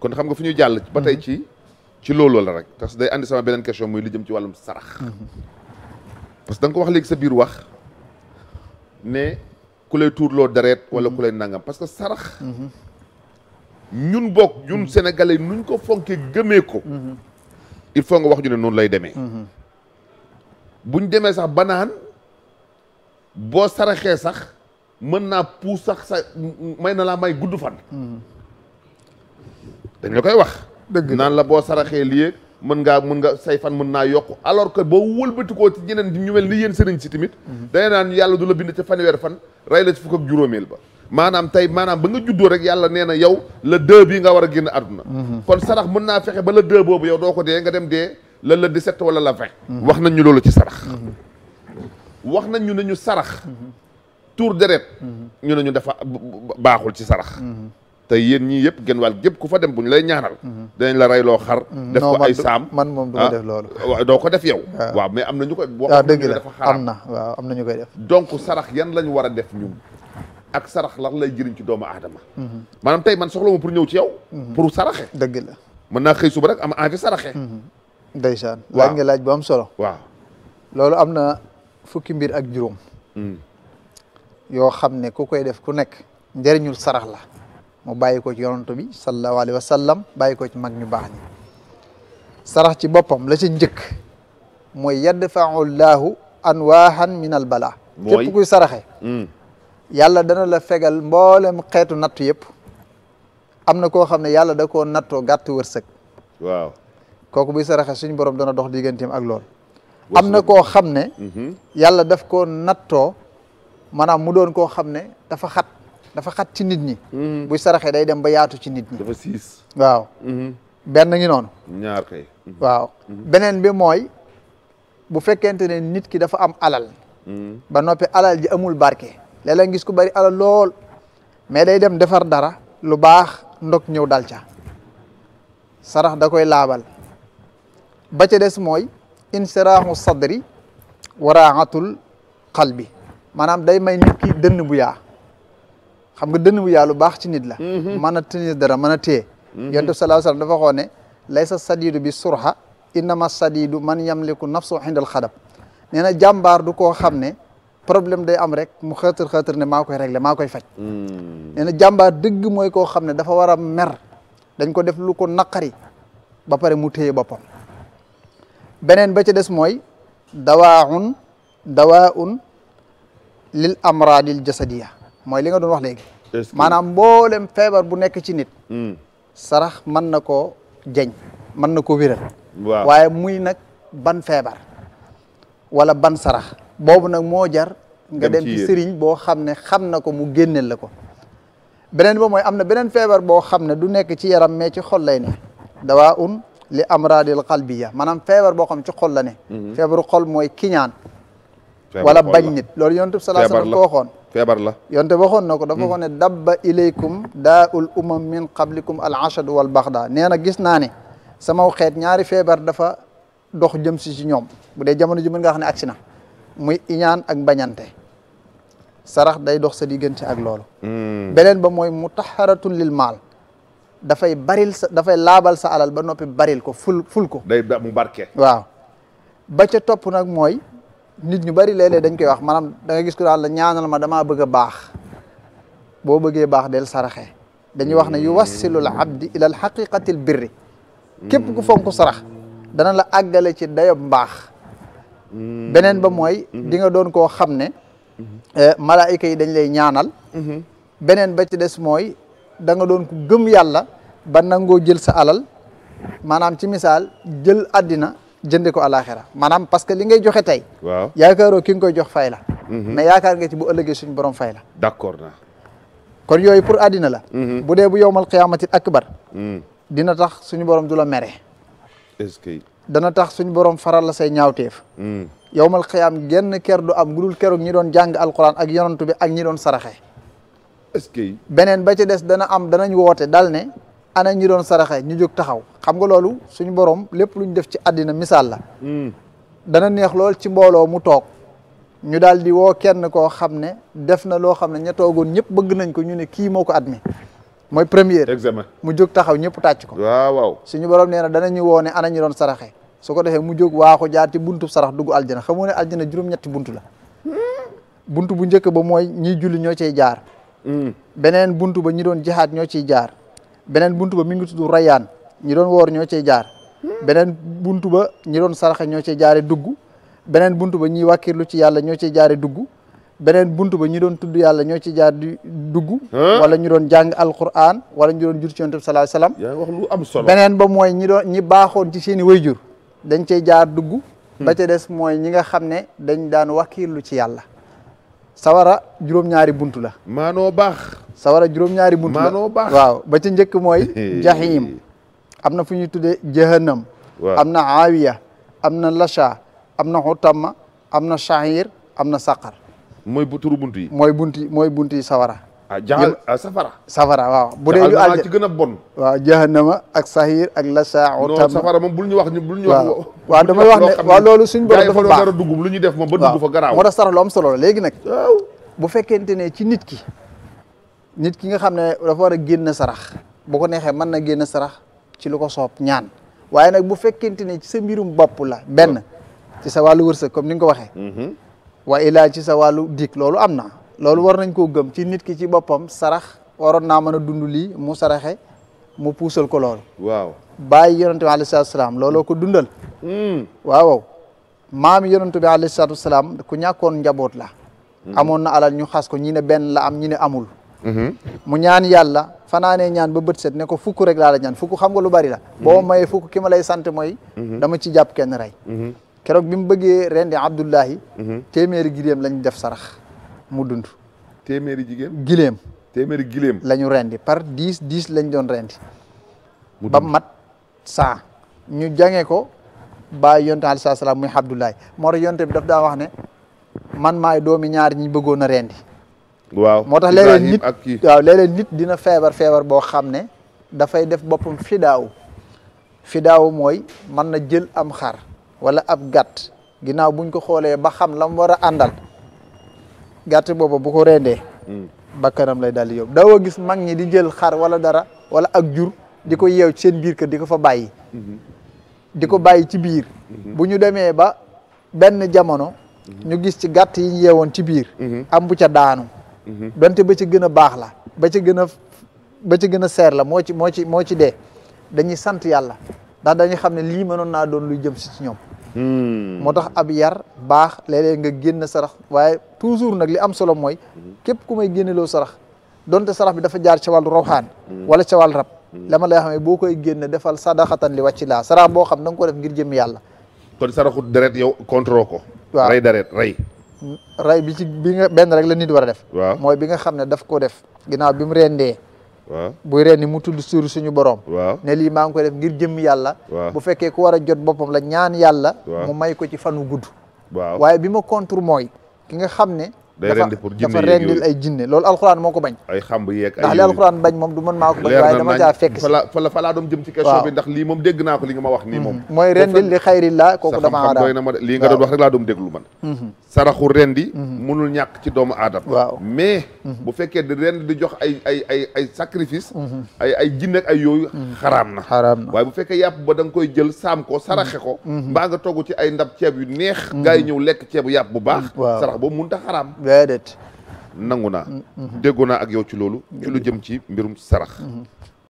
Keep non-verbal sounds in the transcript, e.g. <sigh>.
kon xam nga fu ñu jàll. ba tey mm-hmm. ci ci loolu la rek parce que day andi sama beneen question muy li jëm ci wàllum sarax. Mm-hmm. parce que nga ko wax léegi sa biir wax ne ku lay tuurloo deret wala ku lay mm-hmm. nangam parce que sarax. ñun bokk ñun sénégalais nuñ ko fonkee gëmee ko. il faut nga wax ñu ne noonu lay demee. buñ demee sax banaan boo saraxee sax mën naa puus sax sa may na laa may gudd fan. dañ la koy wax. dëgg naan la boo saraxee lii mën ngaa mën nga say fan mën naa yokk alors que boo wëlbatikoo ci ñeneen ñu mel ni yéen sëriñ si tamit. Mhm. day naan yàlla du la bind ca fanweer fan rey la ci fukk ak juróomil ba. maanaam tey maanaam ba nga juddoo rek yàlla nee na yow le deux bi nga war a génn àdduna. Mhm. kon sarax mën naa fexe ba le deux boobu yow doo ko dee nga dem dee le le dix-sept wala le mhm. wax nañ ñu loolu ci sarax. wax nañ ñu ne sarax. tuur deret ñu ne ñu dafa baaxul ci sarax. te yéen ñii yëpp gën wàll yëpp ku fa dem bu ñu lay ñaanal dañ la reyloo xar mm-hmm. def ko ay saam man moom du ma ah? def loolu doo ko def yow ah. waaw mais am na ñu koy ah, dëgg la am na am na ñu koy def donc sarax yan lañ war a def ñun ak sarax lan lay jëriñ ci doomu aadama mm-hmm. maanaam tey man soxla ma pour ñëw ci yow mm-hmm. pour saraxe dëgg la mën naa xëy suba rek am envie saraxe ndeysaan laaj nga laaj bu solo waaw loolu am na fukki mbir ak juróom mm. yoo xam ne ku koy def ku nekk njariñul sarax la mu bàyyi ko ci yonantu bi sallallahu alayhi wa sallam bàyyi ko ci mag ñu baax ñi sarax ci boppam la ca njëkk mooy yadfau llaahu anwaahan min al bala képp kuy saraxe hmm. yàlla dana la fegal mboolem xeetu nattu yëpp am na koo xam ne yàlla da koo nattoo gàtt wërsëg waaw kooku buy saraxe suñ borom dana dox digganteem ak lool am na mhm. daf koo nattoo maanaam mu doon koo xam xat dafa xat ci nit ñi. Mhm. buy saraxee day dem ba yaatu ci nit ñi. dafa siis. waaw. Mhm. benn mhm. waaw beneen bi mooy bu fekkente ne nit ki dafa am alal. ba noppi alal ji amul barke. léeg-léeg gis ku bari alal lool mais day dem defar dara lu baax ndog ñëw dal ca sarax da koy laabal ba ca des mooy insiraahu sadri waraaxatul xal bi maanaam day may nit ki bu yaa xam nga dënn bu yàlla lu baax ci nit la mhm. mën a tenir dara mën a téye mhm. yonent bi sallallahu alayhi wasallam dafa waxoon ne laysa sadidu bi surha innama sadidu man yamliku nafsu indal xadab nee na jàmbaar du koo xam ne problème day am rek mu xëtër xëtër ne maa koy régler maa koy faj mhm. nee na jàmbaar dëgg mooy koo xam ne dafa war a mer dañ ko def lu ko naqari ba pare mu téye boppam beneen ba ca des mooy dawaaun dawaun lil amradil jasadiya mooy li nga doon wax léegi maanaam mboolem feebar bu nekk ci nit hmm. sarax mën na koo jeñ mën na ko wéral waaw waaye muy nag ban feebar wala ban sarax boobu nag moo jar nga dem ci sëriñ boo xam ne xam na ko mu génneel la ko beneen ba mooy am na beneen feebar boo xam ne du nekk ci yaram mais ci xol lay ne dawaa un li amradil qalbiya maanaam feebar boo xam ci xol la ne hmm. feebaru xol mooy kiñaan wala bañ nit loolu yonent bi sallallahu ko waxoon feebar la yonte waxoon na ko dafa hmm. waxoon ne dabba ilaykum daa ul umam min qablikum al ashad wal baxda nee na gis naa ne sama xeet ñaari feebar dafa dox jëm si si ñoom bu dee jamono ji mën nga xam ne agsi na muy iñaan ak bañante sarax day dox sa diggante ak loolu hmm. beneen ba mooy mutaharatun lil maal dafay baril dafay laabal sa alal ba noppi baril ko ful ful ko day mu topp nag mooy nit ñu bari léeg dañ koy wax maanaam da gis ko daal la ñaanal ma damaa bëgg a baax boo bëggee baax del saraxe dañuy wax ne yuwassilul abdi ila al haqiqatil birri képp ku fonk sarax dana la àggale ci dayob mbaax mm. beneen ba mooy mm-hmm. di nga doon koo xam ne mm-hmm. eh, malaayika yi dañ lay ñaanal mm-hmm. beneen ba ci des mooy da doon gëm yàlla ba nangoo jël sa alal maanaam ci misaal jël àddina jënde ko àllaaxira maanaam parce que li joxe tey waaw yaakaaroo ki nga koy jox fay la mhm. mais yaakaar nga ci bu ëllëgee suñu borom fay la d'accord na kon yooyu pour àddina la mhm. bu dee bu yowmal qiyaamati akbar mhm. dina tax suñu borom du la mere est dana tax suñu borom farala la say ñaawteef yowmal qiyaam genn ker du am gudul keroog ñi doon jàng alquran ak yonantu bi ak ñi doon saraxe est beneen ba ci des dana am danañ woote dal ne ana ñi doon saraxe ñu jóg taxaw xam nga loolu suñu borom lépp lu ñu def ci àddina misaal la. Hmm. dana neex lool ci mbooloo mu toog. ñu daal di woo kenn koo xam ne def na loo xam ne ña toogoon ñëpp bëgg nañ ko ñu ne kii moo ko admis mooy premier examen mu jóg taxaw ñëpp tàcc ko waaw waaw suñu borom nee na danañu woo ne ana ñu doon saraxe su defee mu jóg waaxu jaati buntu sarax dugg aljana xamoo ne aljana juróom-ñetti buntu la buntu bu njëkk ba mooy ñiy julli ñoo ciy jaar hmm. beneen buntu ba ñi doon jihaat ñoo ciy jaar beneen buntu ba mi ngi tudd rayaan ñi doon woor ñoo cey jaar hmm. beneen buntu ba ñi doon saraxe ñoo cey jaare dugg beneen buntu ba ñiy wàkkirlu ci yàlla ñoo cey jaare dugg beneen buntu ba ñi doon tudd yàlla ñoo ci jaar di dugg. wala ñu doon jàng alquran wala ñu doon jur ci yonent bi sallallahu alayhi wax lu am solo beneen ba mooy ñi doon ñi baaxoon ci seeni i wayjur dañ cey jaar dugg. Hmm. ba ca des mooy ñi nga xam ne dañ daan wakiirlu ci yàlla. sawara juróom-ñaari buntu la. sawara juróom-ñaari bunt la waaw ba ci njëkk mooy <laughs> jahim am na fu ñuy tuddee jahannam am na aawiya am na lacha am na xutamma am na shahir am na saqar mooy turu bunt yi mooy bunt yi mooy bunt yi sawara ah jaxal ah, safara. safara waaw bu dee. jaxal ci gën a bon. waaw jahannama ak saxiir ak lasaa. non safara moom bul ñu wax ñu bu ñu wax. waaw damay wax ne waaw loolu suñu borom dafa baax dugg lu ñu def moom ba dugg fa garaaw. moo tax sarax lu solo la nag. bu fekkente ne ci nit ki. nit ki nga xam ne dafa war a génn sarax bu ko neexee mën na génn sarax ci lu ko soob ñaan waaye nag bu fekkente ne ci sa mbirum bopp la benn ci sa wàllu wërsëg comme ni nga ko waxee mhm. waa ilaa ci sa wàllu dik loolu am na loolu war nañ koo gëm ci nit ki ci boppam sarax waroon naa mën a dund lii mu saraxe mu puusal ko lool waaw bàyyi yonente bi alayhi salaatu salaam looloo ko dundal mm. waaw maam yonente bi alayhi salaatu salaam ku ñàkkoon njaboot la mm. amoon na alal ñu xas ko ñi ne benn la am ñi ne amul mu ñaan yàlla fanaanee ñaan ba bët set ne ko fukk rek laa ñaan fukk xam nga lu bari la boo mayee fukk ki ma lay sant mooy dama ci jàpp kenn rey keroog bi mu bëggee rendi Abdullahi téeméeri giléem lañ def sarax mu dund téeméeri jigéen giléem téeméeri giléem la ñu rendi par dix dix lañ doon rendi ba mat saa ñu jàngee ko ba bàyyi yonte aleyhi salaam muy Abdullahi moo tax yonte bi daf daa wax ne man maay doomi ñaar ñu bëggoon a rendi waaw moo tax léeg-léeg nit waaw nit dina feebar feebar boo xam ne dafay def boppam fidaaw fidaaw mooy man na jël am xar wala ab gàtt ginnaaw buñ ko xoolee ba xam lam war a àndal gàtt boobu bu ko rendee hmm. bakkanam lay daal di yóbbu daawoo gis mag ñi di jël xar wala dara wala ak jur di ko yeew ci seen biir kër di ko fa bàyyi hmm. di ko bàyyi ci biir hmm. bu ñu demee ba benn jamono ñu gis ci gàtt yi ñu yeewoon ci biir am bu ca daanu donte ba ci gën a baax la ba ci gën a ba ci gën seer la moo ci moo ci moo ci dee dañuy sant yàlla ndax dañuy xam ne lii mënoon naa doon luy jëm si ci ñoom hmm. moo tax ab yar baax léeg nga génn sarax waaye toujours nag li am solo mooy képp ku may loo sarax donte sarax bi dafa jaar ca wàllu rawxaan hmm. wala ca wàllu rab la hmm. lay xam xamee boo koy génn defal sadaxatan li wàcci laa sarax boo xam da nga ko def ngir jëm yàlla kon saraxut deret yow contrôle ko rey deret rey ray bi ci nga benn rek la nit war a def. mooy bi nga xam ne daf ko def. ginnaaw bi mu rendee. waaw buy rendi mu tudd suur suñu borom. ne lii maa ngi koy def ngir jëm yàlla. bu fekkee ko war a jot boppam la ñaan yàlla. mu may ko ci fan fanu gudd. waaw waaye bi ma contre mooy ki nga xam ne. day rendi pour jinne dafa rendil ay jinne loolu alxuraan moo ko bañ ay xamb yeeg ay ndax li alxuraan bañ moom du naa ko li nga ma wax nii mhm. moom mooy rendil li xayrillaa kooku dama aada doy na nga doon wax rek laa doom déglu man mhm. saraxu rendi mënul mhm. ñàkk ci doomu aadama mais bu fekkee di rend di jox ay ay ay ay sacrifice ay ay jinne ay yooyu xaraam na xaraam na waaye bu fekkee yàpp ba da koy jël saam ko saraxe ko mbaa nga ci ay ndab ceeb yu neex gaa yi ñëw lekk ceebu yàpp bu baax sarax boobu mun ta xaraam déedéet nangu naa mm-hmm. déggoo naa ak yow ci loolu lu jëm ci mbirum sarax mm-hmm.